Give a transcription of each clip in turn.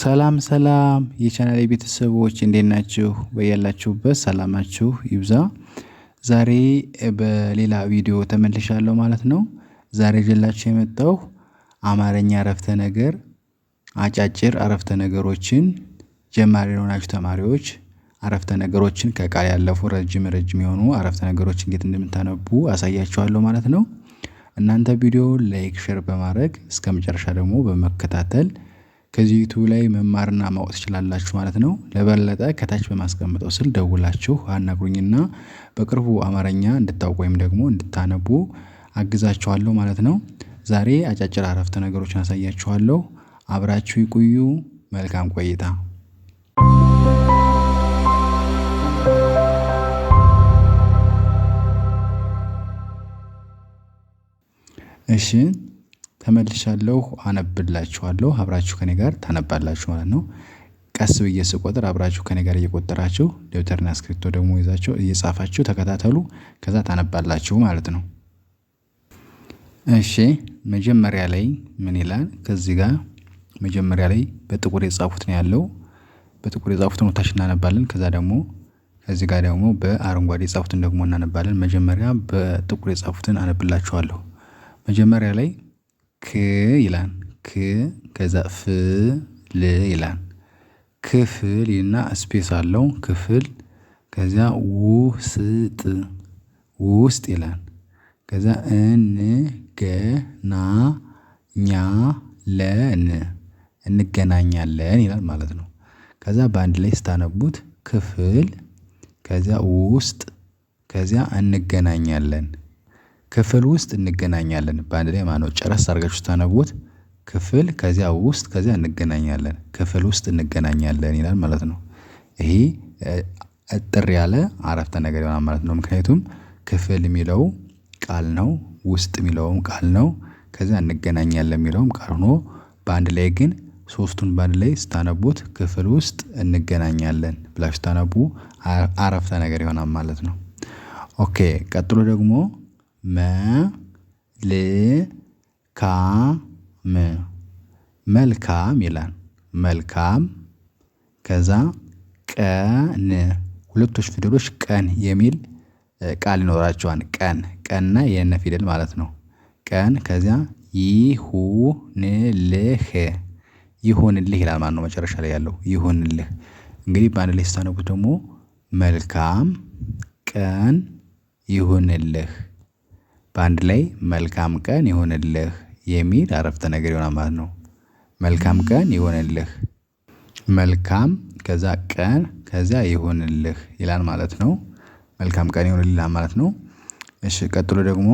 ሰላም ሰላም የቻናል ቤተሰቦች እንዴት ናችሁ? በያላችሁበት ሰላማችሁ ይብዛ። ዛሬ በሌላ ቪዲዮ ተመልሻለሁ ማለት ነው። ዛሬ ጀላችሁ የመጣው አማርኛ አረፍተ ነገር አጫጭር አረፍተ ነገሮችን ጀማሪ የሆናችሁ ተማሪዎች አረፍተ ነገሮችን ከቃል ያለፉ ረጅም ረጅም የሆኑ አረፍተ ነገሮች እንዴት እንደምታነቡ አሳያችኋለሁ ማለት ነው። እናንተ ቪዲዮ ላይክ፣ ሼር በማድረግ እስከ መጨረሻ ደግሞ በመከታተል ከዚህ ዩቱብ ላይ መማርና ማወቅ ትችላላችሁ ማለት ነው። ለበለጠ ከታች በማስቀመጠው ስል ደውላችሁ አናግሩኝና በቅርቡ አማርኛ እንድታውቁ ወይም ደግሞ እንድታነቡ አግዛችኋለሁ ማለት ነው። ዛሬ አጫጭር አረፍተ ነገሮችን አሳያችኋለሁ። አብራችሁ ይቆዩ። መልካም ቆይታ። እሺ ተመልሻለሁ፣ አነብላችኋለሁ አብራችሁ ከኔ ጋር ታነባላችሁ ማለት ነው። ቀስ ብዬ ስቆጥር አብራችሁ ከኔ ጋር እየቆጠራችሁ ደብተርና እስክሪብቶ ደግሞ ይዛችሁ እየጻፋችሁ ተከታተሉ ከዛ ታነባላችሁ ማለት ነው። እሺ መጀመሪያ ላይ ምን ይላል? ከዚህ ጋር መጀመሪያ ላይ በጥቁር የጻፉት ነው ያለው በጥቁር የጻፉት ነው ታች እናነባለን። ከዛ ደግሞ ከዚህ ጋር ደግሞ በአረንጓዴ የጻፉትን ደግሞ እናነባለን። መጀመሪያ በጥቁር የጻፉትን አነብላችኋለሁ። መጀመሪያ ላይ ክ ይላል ክ ከዛ ፍ ል ይላል ክፍል እና ስፔስ አለው ክፍል ከዚያ ውስጥ ውስጥ ይላል ከዛ እንገናኛለን እንገናኛለን ይላል ማለት ነው። ከዛ በአንድ ላይ ስታነቡት ክፍል ከዚያ ውስጥ ከዚያ እንገናኛለን ክፍል ውስጥ እንገናኛለን በአንድ ላይ ማነው ጨረስ አድርጋችሁ ስታነቡት ክፍል ከዚያ ውስጥ ከዚያ እንገናኛለን ክፍል ውስጥ እንገናኛለን ይላል ማለት ነው። ይሄ እጥር ያለ አረፍተ ነገር ይሆናል ማለት ነው። ምክንያቱም ክፍል የሚለው ቃል ነው ውስጥ የሚለውም ቃል ነው ከዚያ እንገናኛለን የሚለውም ቃል ሆኖ በአንድ ላይ ግን ሶስቱን በአንድ ላይ ስታነቡት ክፍል ውስጥ እንገናኛለን ብላችሁ ስታነቡ አረፍተ ነገር ይሆናል ማለት ነው። ኦኬ ቀጥሎ ደግሞ መልካም መልካም ይላል መልካም ከዛ ቀን ሁለቶች ፊደሎች ቀን የሚል ቃል ይኖራቸዋል ቀን ቀንና የነ ፊደል ማለት ነው። ቀን ከዚያ ይሁንልህ ይሁንልህ ይላል ማለት ነው። መጨረሻ ላይ ያለው ይሁንልህ እንግዲህ በአንድ ላይ ስታነቡት ደግሞ መልካም ቀን ይሁንልህ በአንድ ላይ መልካም ቀን ይሆንልህ የሚል አረፍተ ነገር ይሆናል ማለት ነው። መልካም ቀን ይሆንልህ፣ መልካም ከዛ ቀን ከዚያ ይሆንልህ ይላል ማለት ነው። መልካም ቀን ይሁንልህ ማለት ነው። እሺ ቀጥሎ ደግሞ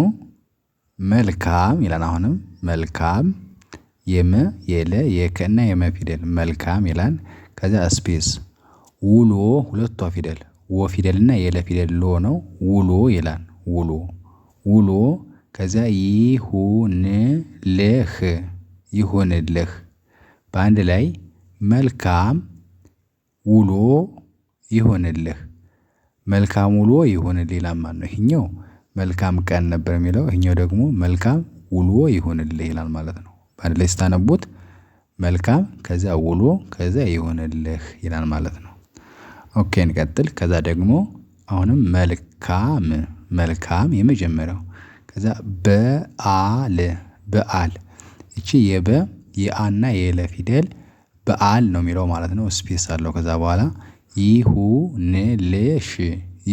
መልካም ይላል አሁንም መልካም የመ የለ የከና የመ ፊደል መልካም ይላል ከዛ ስፔስ ውሎ ሁለቷ ፊደል ወ ፊደል እና የለ ፊደል ሎ ነው ውሎ ይላል ውሎ ውሎ ከዚያ ይሁንልህ ይሁንልህ በአንድ ላይ መልካም ውሎ ይሁንልህ መልካም ውሎ ይሁንልህ ይላል ማለት ነው። ይሄኛው መልካም ቀን ነበር የሚለው ይሄኛው ደግሞ መልካም ውሎ ይሁንልህ ይላል ማለት ነው። በአንድ ላይ ስታነቡት መልካም ከዛ ውሎ ከዛ ይሁንልህ ይላል ማለት ነው። ኦኬ እንቀጥል ከዛ ደግሞ አሁንም መልካም መልካም የመጀመሪያው ከዛ በአል በአል ይቺ የበ የአና የለ ፊደል በአል ነው የሚለው ማለት ነው። ስፔስ አለው ከዛ በኋላ ይሁንልሽ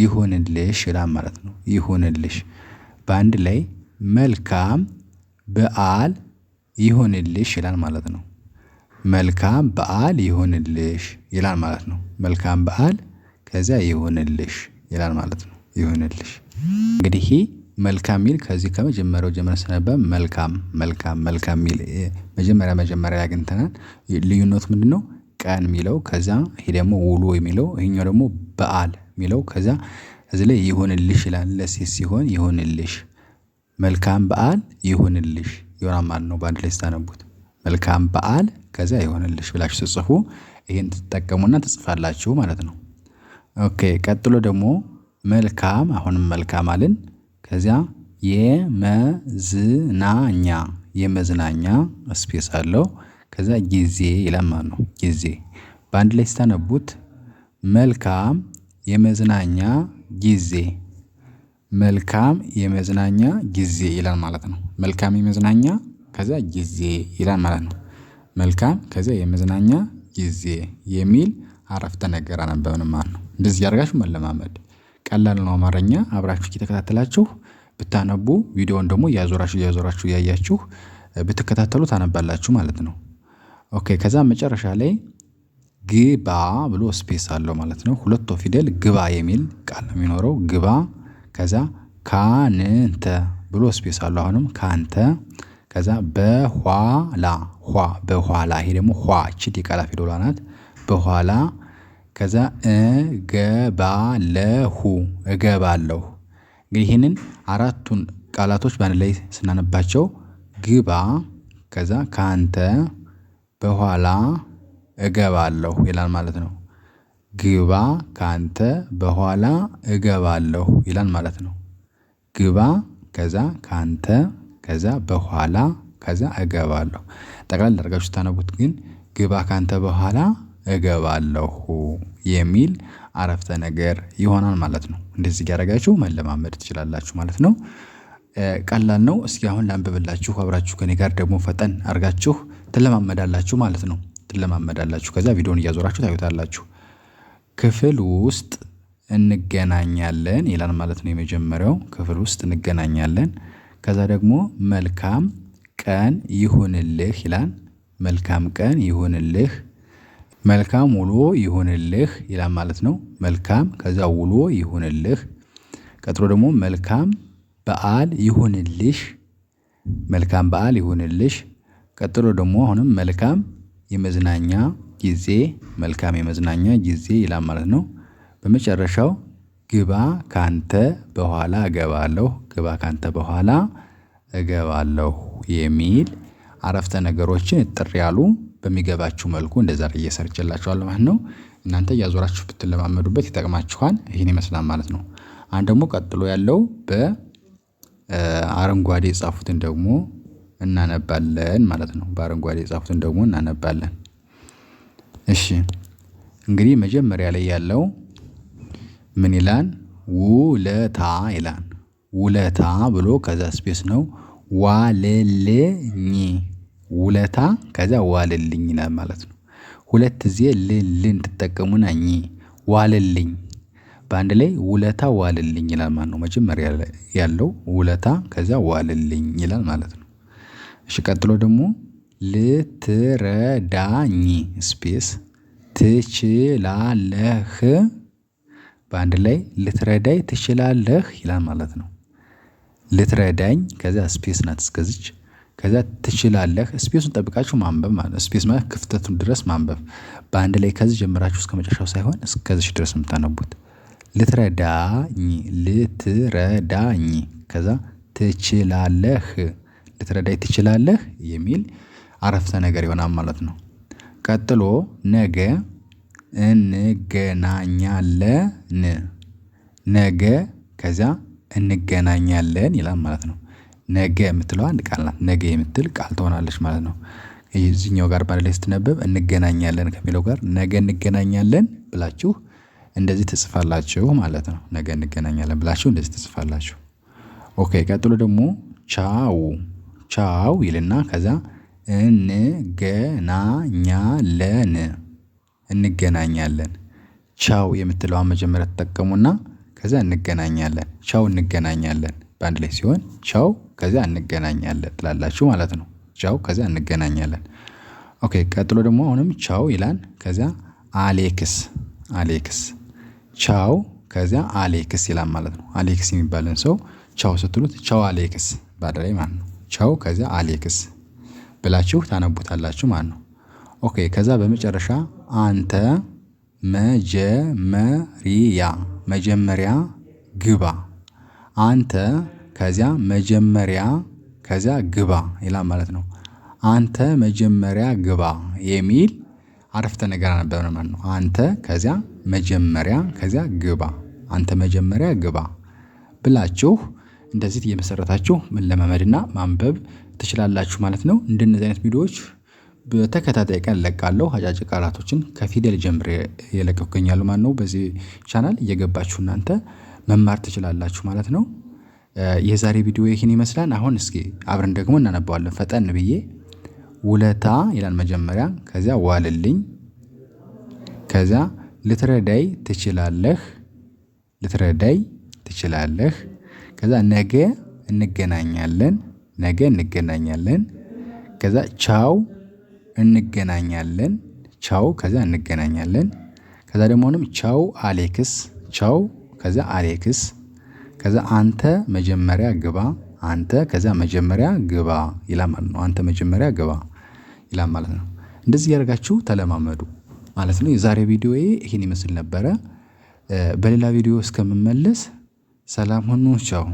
ይሁንልሽ ይላል ማለት ነው። ይሁንልሽ በአንድ ላይ መልካም በአል ይሁንልሽ ይላል ማለት ነው። መልካም በዓል ይሁንልሽ ይላል ማለት ነው። መልካም በዓል ከዚያ ይሁንልሽ ይላል ማለት ነው። ይሁንልሽ እንግዲህ ይሄ መልካም የሚል ከዚህ ከመጀመሪያው ጀምረን ስናነብ መልካም መልካም መልካም ሚል መጀመሪያ መጀመሪያ አግኝተናል ልዩነቱ ምንድነው? ቀን የሚለው ከዛ ይሄ ደግሞ ውሎ የሚለው ይሄኛው ደግሞ በዓል የሚለው ከዛ እዚ ላይ ይሁንልሽ ይላል ለሴት ሲሆን ይሁንልሽ መልካም በዓል ይሁንልሽ ይሆናል ማለት ነው። በአንድ ላይ ስታነቡት መልካም በዓል ከዛ ይሆንልሽ ብላችሁ ስትጽፉ ይህን ትጠቀሙና ትጽፋላችሁ ማለት ነው። ኦኬ ቀጥሎ ደግሞ መልካም አሁንም መልካም አልን። ከዚያ የመዝናኛ የመዝናኛ ስፔስ አለው። ከዛ ጊዜ ይላል ነው። ጊዜ በአንድ ላይ ስታነቡት መልካም የመዝናኛ ጊዜ መልካም የመዝናኛ ጊዜ ይላል ማለት ነው። መልካም የመዝናኛ ከዛ ጊዜ ይላል ማለት ነው። መልካም ከዚያ የመዝናኛ ጊዜ የሚል አረፍተ ነገር አነበብን ማለት ነው። እንደዚህ አድርጋችሁ መለማመድ ቀላል ነው። አማርኛ አብራችሁ እየተከታተላችሁ ብታነቡ ቪዲዮውን ደግሞ እያዞራችሁ እያዞራችሁ እያያችሁ ብትከታተሉ ታነባላችሁ ማለት ነው። ኦኬ ከዛ መጨረሻ ላይ ግባ ብሎ ስፔስ አለው ማለት ነው። ሁለቶ ፊደል ግባ የሚል ቃል ነው የሚኖረው። ግባ ከዛ ካንንተ ብሎ ስፔስ አለው። አሁንም ካንተ ከዛ በኋላ ኋ በኋላ ይሄ ደግሞ ኋ እቺ የቃላት ፊደሏ ናት። በኋላ ከዛ እገባለሁ እገባለሁ ይህንን አራቱን ቃላቶች በአንድ ላይ ስናነባቸው ግባ ከዛ ካንተ በኋላ እገባለሁ ይላል ማለት ነው። ግባ ካንተ በኋላ እገባለሁ ይላል ማለት ነው። ግባ ከዛ ካንተ ከዛ በኋላ ከዛ እገባለሁ ጠቅላላ አድርጋችሁ ስታነቡት ግን ግባ ካንተ በኋላ እገባለሁ የሚል አረፍተ ነገር ይሆናል ማለት ነው። እንደዚህ እያደረጋችሁ መለማመድ ትችላላችሁ ማለት ነው። ቀላል ነው። እስኪ አሁን ላንብብላችሁ አብራችሁ ከኔ ጋር ደግሞ ፈጠን አርጋችሁ ትለማመዳላችሁ ማለት ነው። ትለማመዳላችሁ ከዛ ቪዲዮን እያዞራችሁ ታዩታላችሁ። ክፍል ውስጥ እንገናኛለን ይላል ማለት ነው። የመጀመሪያው ክፍል ውስጥ እንገናኛለን። ከዛ ደግሞ መልካም ቀን ይሁንልህ ይላል። መልካም ቀን ይሁንልህ መልካም ውሎ ይሁንልህ ይላል ማለት ነው። መልካም ከዛ ውሎ ይሁንልህ። ቀጥሎ ደግሞ መልካም በዓል ይሁንልሽ። መልካም በዓል ይሁንልሽ። ቀጥሎ ደግሞ አሁንም መልካም የመዝናኛ ጊዜ መልካም የመዝናኛ ጊዜ ይላል ማለት ነው። በመጨረሻው ግባ ካንተ በኋላ እገባለሁ ግባ ካንተ በኋላ እገባለሁ የሚል አረፍተ ነገሮችን እጥር ያሉ በሚገባችሁ መልኩ እንደዛ አድርጌ ሰርቼላችኋለሁ ማለት ነው። እናንተ እያዞራችሁ ብትለማመዱበት ይጠቅማችኋል። ይህን ይመስላል ማለት ነው። አንድ ደግሞ ቀጥሎ ያለው በአረንጓዴ የጻፉትን ደግሞ እናነባለን ማለት ነው። በአረንጓዴ የጻፉትን ደግሞ እናነባለን። እሺ እንግዲህ መጀመሪያ ላይ ያለው ምን ይላል? ውለታ ይላል። ውለታ ብሎ ከዛ ስፔስ ነው ዋለልኝ ውለታ ከዚያ ዋልልኝ ይላል ማለት ነው። ሁለት ጊዜ ልን ልን ትጠቀሙና ኝ ዋልልኝ በአንድ ላይ ውለታ ዋልልኝ ይላል ማለት ነው። መጀመሪያ ያለው ውለታ ከዚያ ዋልልኝ ይላል ማለት ነው። እሺ ቀጥሎ ደግሞ ልትረዳኝ ስፔስ ትችላለህ በአንድ ላይ ልትረዳኝ ትችላለህ ይላል ማለት ነው። ልትረዳኝ ከዚያ ስፔስ ናት እስከዚች ከዛ ትችላለህ ስፔሱን ጠብቃችሁ ማንበብ ማለት ስፔስ ማለት ክፍተቱን ድረስ ማንበብ በአንድ ላይ ከዚህ ጀምራችሁ መጨረሻው ሳይሆን እስከዚች ድረስ የምታነቡት። ልትረዳኝ ልትረዳኝ ከዛ ትችላለህ ልትረዳኝ ትችላለህ የሚል አረፍተ ነገር ይሆናል ማለት ነው። ቀጥሎ ነገ እንገናኛለን ነገ ከዚያ እንገናኛለን ይላል ማለት ነው ነገ የምትለው አንድ ቃል ናት ነገ የምትል ቃል ትሆናለች ማለት ነው። እዚህኛው ጋር በአንድ ላይ ስትነበብ እንገናኛለን ከሚለው ጋር ነገ እንገናኛለን ብላችሁ እንደዚህ ትጽፋላችሁ ማለት ነው። ነገ እንገናኛለን ብላችሁ እንደዚህ ትጽፋላችሁ። ኦኬ ቀጥሎ ደግሞ ቻው ቻው ይልና ከዛ እንገናኛለን እንገናኛለን ቻው የምትለዋን መጀመሪያ ትጠቀሙና ከዛ እንገናኛለን ቻው እንገናኛለን በአንድ ላይ ሲሆን ቻው ከዚያ እንገናኛለን ትላላችሁ ማለት ነው። ቻው ከዚያ እንገናኛለን። ኦኬ ቀጥሎ ደግሞ አሁንም ቻው ይላል። ከዚያ አሌክስ አሌክስ ቻው ከዚያ አሌክስ ይላል ማለት ነው። አሌክስ የሚባልን ሰው ቻው ስትሉት ቻው አሌክስ ባደላይ ማለት ነው። ቻው ከዚያ አሌክስ ብላችሁ ታነቡታላችሁ ማለት ነው። ኦኬ ከዛ በመጨረሻ አንተ መጀመሪያ መጀመሪያ ግባ አንተ ከዚያ መጀመሪያ ከዚያ ግባ ይላል ማለት ነው። አንተ መጀመሪያ ግባ የሚል አረፍተ ነገር አነበብን ማለት ነው። አንተ ከዚያ መጀመሪያ ከዚያ ግባ አንተ መጀመሪያ ግባ ብላችሁ እንደዚህ እየመሰረታችሁ መለማመድና ማንበብ ትችላላችሁ ማለት ነው። እንደነዚህ አይነት ቪዲዮዎች በተከታታይ ቀን እለቃለሁ። አጫጭር ቃላቶችን ከፊደል ጀምሬ እየለቀኩ እገኛለሁ ማለት ነው። በዚህ ቻናል እየገባችሁ እናንተ መማር ትችላላችሁ ማለት ነው። የዛሬ ቪዲዮ ይህን ይመስላል። አሁን እስኪ አብረን ደግሞ እናነባዋለን። ፈጠን ብዬ ውለታ ይላል መጀመሪያ፣ ከዚያ ዋልልኝ፣ ከዚያ ልትረዳይ ትችላለህ፣ ልትረዳይ ትችላለህ፣ ከዛ ነገ እንገናኛለን፣ ነገ እንገናኛለን፣ ከዛ ቻው እንገናኛለን፣ ቻው፣ ከዛ እንገናኛለን፣ ከዛ ደግሞ አሁንም ቻው አሌክስ፣ ቻው፣ ከዛ አሌክስ ከዛ አንተ መጀመሪያ ግባ አንተ ከዛ መጀመሪያ ግባ ይላል ማለት ነው። አንተ መጀመሪያ ግባ ይላል ማለት ነው። እንደዚህ ያደርጋችሁ ተለማመዱ ማለት ነው። የዛሬ ቪዲዮዬ ይህን ይመስል ነበረ። በሌላ ቪዲዮ እስከምመለስ ሰላም ሁኑ። ቻው